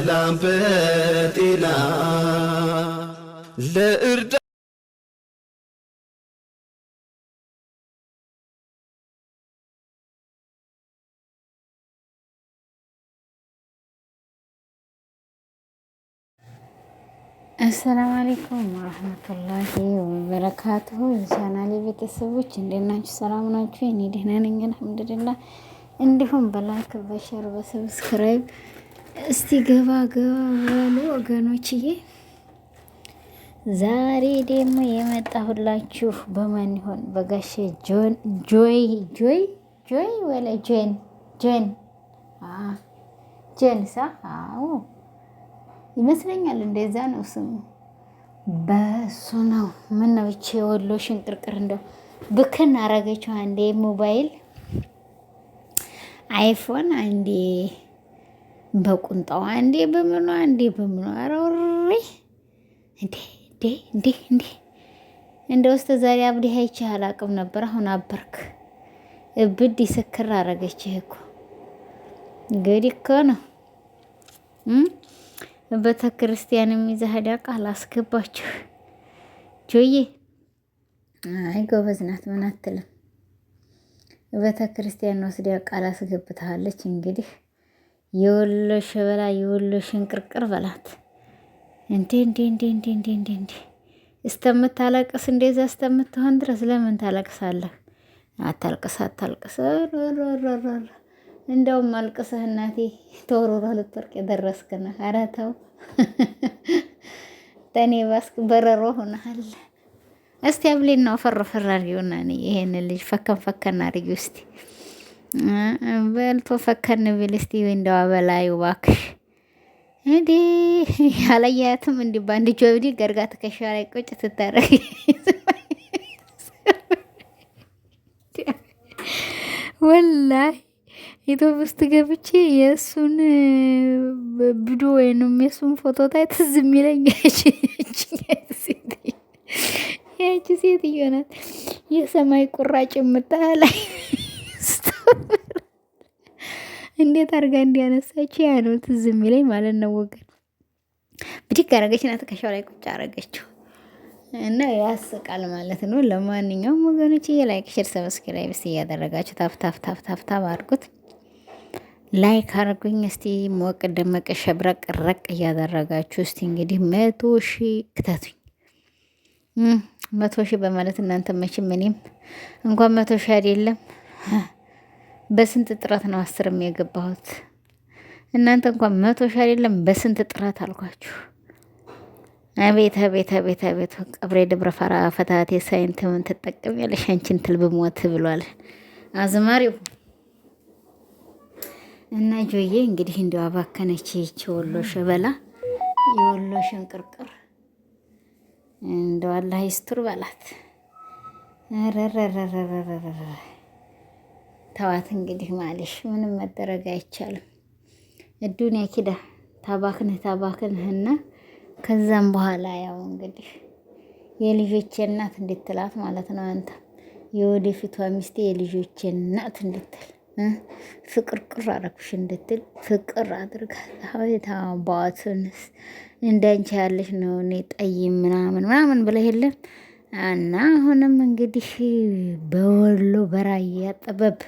በሰላም በጤና ለእርዳ አሰላሙ አለይኩም ወረህመቱላሂ ወበረካቱሁ የቻናሌ ቤተሰቦች እንዴት ናችሁ? ሰላም ናችሁ? እኔ ደህና ነኝ አልሐምዱሊላህ። እንዲሁም በላይክ በሸር በሰብስክራይብ እስቲ ገባ ገባ በሉ ወገኖችዬ። ዛሬ ደግሞ የመጣሁላችሁ በማን ይሆን? በጋሽ ጆይ ጆይ ጆይ ወለ ጆን ጆን ጆን ሳ አዎ ይመስለኛል፣ እንደዛ ነው ስሙ። በሱ ነው። ምን ነው እቺ ወሎ ሽንቅርቅር እንደው ብክን አረገችው። አንዴ ሞባይል አይፎን አንዴ በቁንጣዋ እንዴ በምኗ እንዴ በምኗ ረሬ እንዴ እንዴ እንዴ እንዴ እንደ ውስጥ ዛሬ አብዲ አይቼህ አላቅም ነበር። አሁን አበርክ። እብድ ይስክር አረገች እኮ እንግዲህ እኮ ነው። ቤተ ክርስቲያን ይዘህ ቃል አስገባችሁ። ጆዬ አይ ጎበዝ ናት፣ ምን አትልም። ቤተ ክርስቲያን ወስዳ ቃል አስገብታለች እንግዲህ የወሎ በላ የወሎ ሽንቅርቅር በላት። እንዴ እንዴ እንዴ እንዴ እንዴ እንዴ እንዴ እስተምታለቅስ እንደዛ እስተምትሆን ድረስ ለምን ታለቅሳለህ? አታልቅስ አታልቅስ። እንደውም አልቅሰህ እናቴ ተወሮሮ ልትወርቅ የደረስክ ነህ። ኧረ ተው ተኔ ባስክ በረሮ ሆነሃል። እስቲ አብሌናው ፈርፈር አድርጊውና ይሄን ልጅ ፈከን ፈከን አድርጊው እስቲ በልቶ ፈከር ንብል እስቲ እንደው አበላዩ እባክሽ እንዴ ያላያትም እንዲ ባንድ ጆብዲ ገርጋ ትከሻ ላይ ቁጭ ትታረግ ወላሂ ኢትዮጵያ ውስጥ ገብቼ የእሱን ብዶ ወይንም የእሱን ፎቶ ታይ ትዝ የሚለኝ ያቺ ሴትዮ ናት። የሰማይ ቁራጭ የምታህላይ እንዴት አድርጋ እንዲያነሳች ያ ዝም ይለኝ ማለት ነው። ወገን ብድግ አረገች እና ትከሻው ላይ ቁጭ አረገችው እና ያስቃል ማለት ነው። ለማንኛውም ወገኖች ላይክ፣ ሼር፣ ሰብስክራይብ እስቲ እያደረጋችሁ ታፍ ታፍ ታፍ ታፍ ታፍ አድርጉት። ላይክ አድርጉኝ እስቲ ሞቅ ደመቀ ሸብረቅ ረቅ እያደረጋችሁ እስቲ እንግዲህ መቶ ሺ ክተቱኝ መቶ ሺህ በማለት እናንተ መቼም እኔም እንኳን መቶ ሺህ አይደለም በስንት ጥረት ነው አስርም የገባሁት? እናንተ እንኳን መቶ ሺ አይደለም በስንት ጥረት አልኳችሁ። አቤት አቤት አቤት አቤት ቀብሬ ድብረ ፈራ ፈታቴ ሳይንትምን ትጠቀም ያለሽ አንቺን ብሏል አዝማሪው እና ጆዬ እንግዲህ እንዲያው አባከነች ይቺ ወሎ ሸበላ የወሎ ሽንቅርቅር እንደው አላህ ይስቱር በላት። ተዋት እንግዲህ ማለሽ ምንም መደረግ አይቻልም። እዱንያ ኪዳ ታባክንህ ታባክንህና ከዛም በኋላ ያው እንግዲህ የልጆቼ እናት እንድትላት ማለት ነው። አንተ የወደፊቷ ሚስቴ የልጆቼ እናት እንድትል ፍቅር ቅር አረኩሽ እንድትል ፍቅር አድርጋት። ታባትንስ እንዳንቺ ያለሽ ነው እኔ ጠይም ምናምን ምናምን ብለህ የለም እና አሁንም እንግዲህ በወሎ በራያ ጥበብ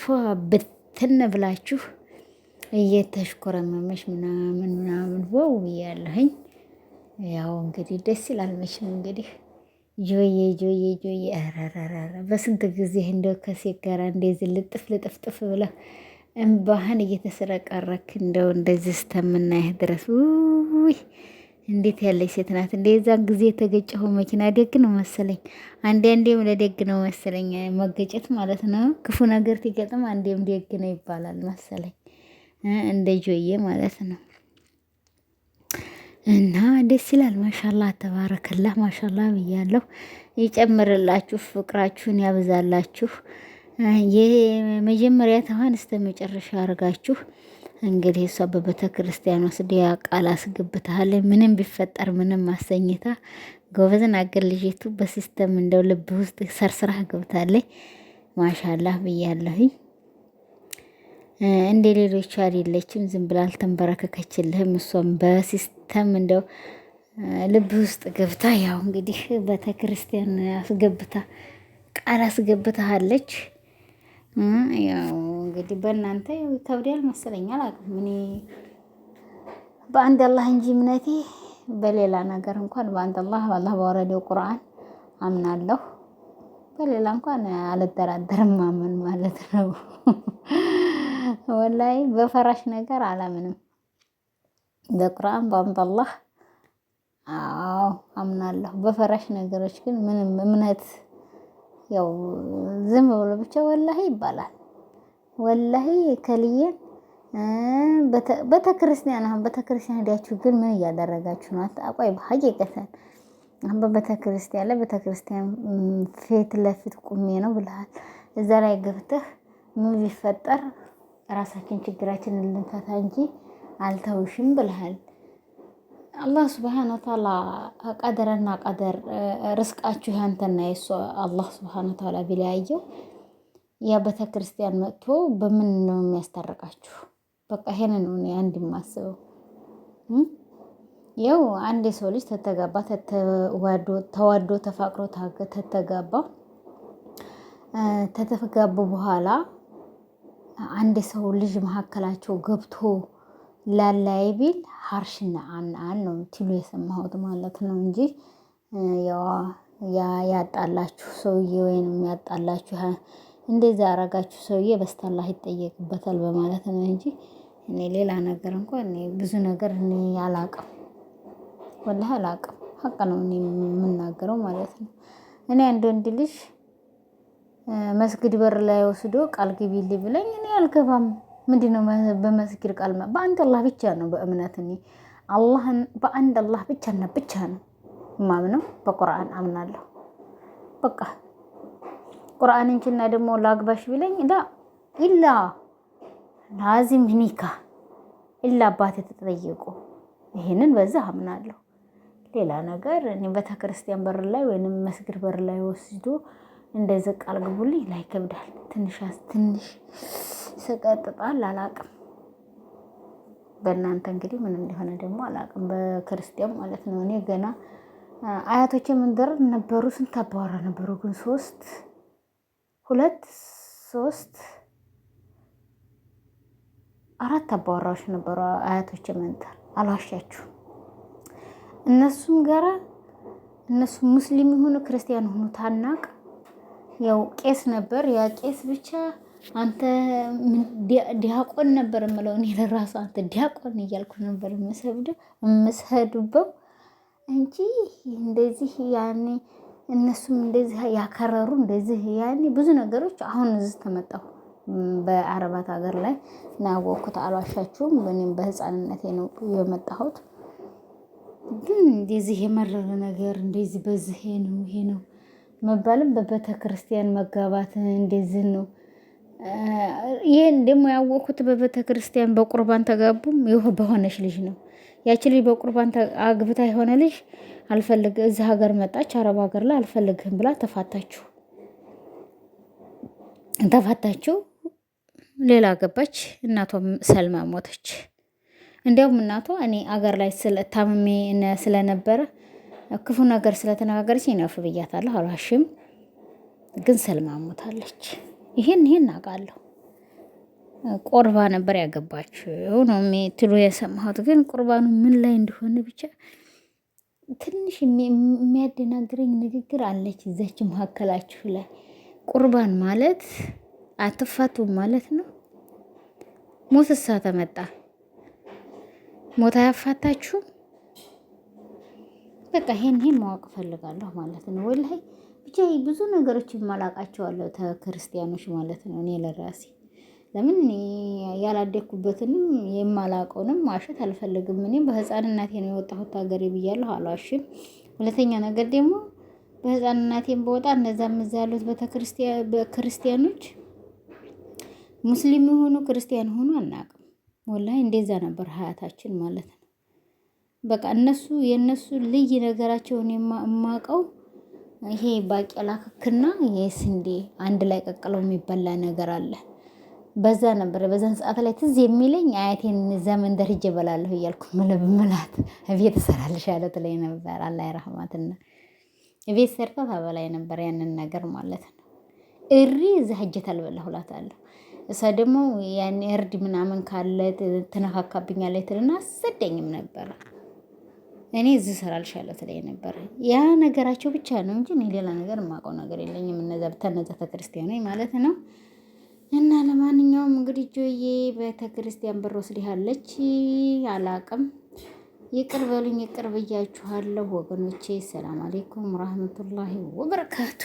ፏ ብትን ብላችሁ እየተሽኮረመመሽ ምናምን ምናምን ዋው ብያለሁኝ። ያው እንግዲህ ደስ ይላል መቼም እንግዲህ ጆዬ ጆዬ ጆዬ አራራራ በስንት ጊዜ እንደው ከሴት ጋር እንደዚህ ልጥፍ ልጥፍ ጥፍ ብለህ እምባህን እየተስረቀረክ እንደው እንደዚህ ስተምናይህ ድረስ ውይ እንዴት ያለች ሴት ናት! እንደ የዛን ጊዜ የተገጨው መኪና ደግ ነው መሰለኝ። አንዴ አንዴም ለደግ ነው መሰለኝ መገጨት ማለት ነው። ክፉ ነገር ሲገጥም አንዴም ደግ ነው ይባላል መሰለኝ፣ እንደ ጆዬ ማለት ነው። እና ደስ ይላል። ማሻላ ተባረከላ፣ ማሻላ ብያለሁ። ይጨምርላችሁ፣ ፍቅራችሁን ያብዛላችሁ። የመጀመሪያ ተዋን እስከ መጨረሻ አድርጋችሁ እንግዲህ እሷ በቤተ ክርስቲያን ወስድ ያ ቃል አስገብተሃል። ምንም ቢፈጠር ምንም ማሰኝታ ጎበዝን አገር ልጅቱ በሲስተም እንደው ልብ ውስጥ ሰርስራ ገብታለች። ማሻላህ ብያለሁኝ። እንደ ሌሎቹ አይደለችም፣ ዝም ብላ አልተንበረከከችልህም። እሷም በሲስተም እንደው ልብ ውስጥ ገብታ ያው እንግዲህ ቤተ ክርስቲያን አስገብታ ቃል አስገብታሃለች። ያው እንግዲህ በእናንተ ይከብዳል መሰለኝ፣ አላውቅም። እኔ በአንድ አላህ እንጂ እምነቴ በሌላ ነገር እንኳን በአንድ አላህ አላህ ባወረደው ቁርአን አምናለሁ። በሌላ እንኳን አልደራደርም ማመን ማለት ነው። ወላሂ በፈራሽ ነገር አላምንም። በቁርአን በአንድ አላህ አዎ አምናለሁ። በፈራሽ ነገሮች ግን ምንም እምነት ያው ዝም ብሎ ብቻ ወላሂ ይባላል። ወላሂ ከልየን ቤተክርስቲያን አሁን ቤተክርስቲያን ሄዳችሁ ግን ምን እያደረጋችሁ ነው? አቋይ ሀቂቀተን አሁን በቤተክርስቲያን ላይ ቤተክርስቲያን ፊት ለፊት ቁሜ ነው ብለሃል። እዛ ላይ ገብተህ ምን ቢፈጠር ራሳችን ችግራችን ልንፈታ እንጂ አልተውሽም ብለሃል። አላህ ስብሓን ወተዓላ ቀደርና ቀደር ርስቃችሁ ያንተና የሱ አላህ ስብሓን ወተዓላ ቢለያየው ያ ቤተ ክርስቲያን መጥቶ በምን ነው የሚያስታርቃችሁ? በቃ ይሄንን ነው አንድ የማስበው። ያው አንድ የሰው ልጅ ተተጋባ ተዋዶ ተፋቅሮ ተተጋባ ተተጋቡ በኋላ አንድ ሰው ልጅ መሀከላቸው ገብቶ ላላይ ቢል ሀርሽና አንአን ነው ትሉ የሰማሁት ማለት ነው እንጂ ያጣላችሁ ሰውዬ ወይንም ያጣላችሁ እንደዛ ያረጋችሁ ሰውዬ በስተላህ ይጠየቅበታል በማለት ነው እንጂ እኔ ሌላ ነገር እንኳን እኔ ብዙ ነገር እኔ አላቅም፣ ወላሂ አላቅም። ሀቅ ነው እኔ የምናገረው ማለት ነው። እኔ አንድ ወንድ ልጅ መስጊድ በር ላይ ወስዶ ቃል ግቢልኝ ብለኝ እኔ አልገባም። ምንድነው ነው ቃል በአንድ አላህ ብቻ ነው። በእምነት እኔ አላህን በአንድ አላህ ብቻና ብቻ ነው ማምነው። በቁርአን አምናለሁ። በቃ ቁርአን እንችና ደግሞ ላግባሽ ቢለኝ ላ ኢላ ላዚም ኒካ ኢላ አባት የተጠየቁ ይህንን በዛ አምናለሁ። ሌላ ነገር እኔ ቤተክርስቲያን በር ላይ ወይንም መስጊድ በር ላይ ወስዶ እንደዚህ ቃል ግቡልኝ ላይ ከብዳል ትንሽ ትንሽ ይሰቀጥጣል። አላቅም በእናንተ እንግዲህ ምን እንደሆነ ደግሞ አላቅም። በክርስቲያን ማለት ነው። እኔ ገና አያቶች ምንድር ነበሩ ስንት አባወራ ነበሩ፣ ግን ሶስት ሁለት ሶስት አራት አባወራዎች ነበሩ አያቶች መንተር አልዋሻችሁ። እነሱም ጋራ እነሱ ሙስሊም የሆኑ ክርስቲያን ሆኑ ታናቅ ያው ቄስ ነበር ያ ቄስ ብቻ አንተ ዲያቆን ነበር የምለው እኔ ለራሱ አንተ ዲያቆን እያልኩ ነበር የምሰብደው የምሰዱበው እንጂ እንደዚህ ያኔ እነሱም እንደዚህ ያከረሩ እንደዚህ ያኔ ብዙ ነገሮች አሁን እዚህ ተመጣሁ በአረባት ሀገር ላይ ናወቅኩት። አሏሻችሁም እኔም በህፃንነቴ ነው የመጣሁት። ግን እንደዚህ የመረረ ነገር እንደዚህ በዚህ ነው ይሄ ነው መባልም በቤተ ክርስቲያን መጋባት እንደዚህ ነው ይሄን ደግሞ ያወቅኩት በቤተ ክርስቲያን በቁርባን ተጋቡም ይሁ በሆነች ልጅ ነው። ያቺ ልጅ በቁርባን አግብታ የሆነ ልጅ አልፈልግ እዚህ ሀገር መጣች፣ አረብ ሀገር ላይ አልፈልግህም ብላ ተፋታችሁ ተፋታችሁ፣ ሌላ ገባች። እናቷም ሰልማ ሞተች። እንዲያውም እናቷ እኔ አገር ላይ ታምሜ ስለነበረ ክፉ ነገር ስለተነጋገረች እኔ አፍ ብያታለሁ፣ አልዋሽም። ግን ሰልማ ሞታለች። ይሄን ይሄን አውቃለሁ ቆርባ ነበር ያገባችው ነው ትሎ የሰማሁት። ግን ቁርባኑ ምን ላይ እንደሆነ ብቻ ትንሽ የሚያደናግረኝ ንግግር አለች እዛች መካከላችሁ ላይ። ቁርባን ማለት አትፋቱም ማለት ነው። ሞት እሳ ተመጣ ሞት አያፋታችሁም። በቃ ይሄን ይሄን ማወቅ እፈልጋለሁ ማለት ነው ወላይ ብቻ ብዙ ነገሮች እማላቃቸዋለሁ ተክርስቲያኖች ማለት ነው። እኔ ለራሴ ለምን ያላደግኩበትንም የማላቀውንም ማሸት አልፈልግም። እኔ በህፃንናቴ ነው የወጣሁት ሀገሬ ብያለሁ፣ አልዋሽም። ሁለተኛ ነገር ደግሞ በህፃንናቴም በወጣ እነዛ እዛ ያሉት በክርስቲያኖች ሙስሊም የሆኑ ክርስቲያን ሆኑ አናቅም። ወላሂ እንደዛ ነበር ሀያታችን ማለት ነው። በቃ እነሱ የእነሱ ልይ ነገራቸውን የማውቀው ይሄ ባቄላ ክክና ይሄ አንድ ላይ ቀቅለው የሚበላ ነገር አለ። በዛ ነበር በዛን ሰዓት ላይ ትዝ የሚለኝ አያቴን ዘመን ደርጄ እበላለሁ እያልኩ ምልብ ምላት ቤት እሰራልሽ ያለት ላይ ነበር አላይ ረህማትና ቤት ሰርታ ታበላይ ነበር ያንን ነገር ማለት ነው። እሪ እዛ ህጀት አልበላ ሁላት አለሁ እሷ ደግሞ ያን እርድ ምናምን ካለ ትነካካብኛለች ትልና አሰደኝም ነበራል። እኔ እዚህ እሰራልሻለሁ ትለኝ ነበር። ያ ነገራቸው ብቻ ነው እንጂ እኔ ሌላ ነገር የማውቀው ነገር የለኝም። እነዛ ብታነዛ ተክርስቲያኖች ማለት ነው። እና ለማንኛውም እንግዲህ ጆዬ ቤተክርስቲያን ብር ወስድሃለች። አላቅም ይቅር በሉኝ፣ ይቅር ብያችኋለሁ ወገኖቼ። ሰላም አሌይኩም ረህመቱላሂ ወበረካቱ።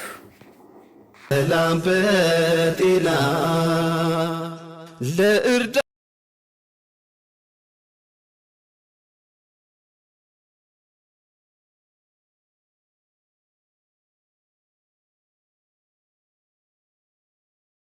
ሰላም በጤና ለእርዳ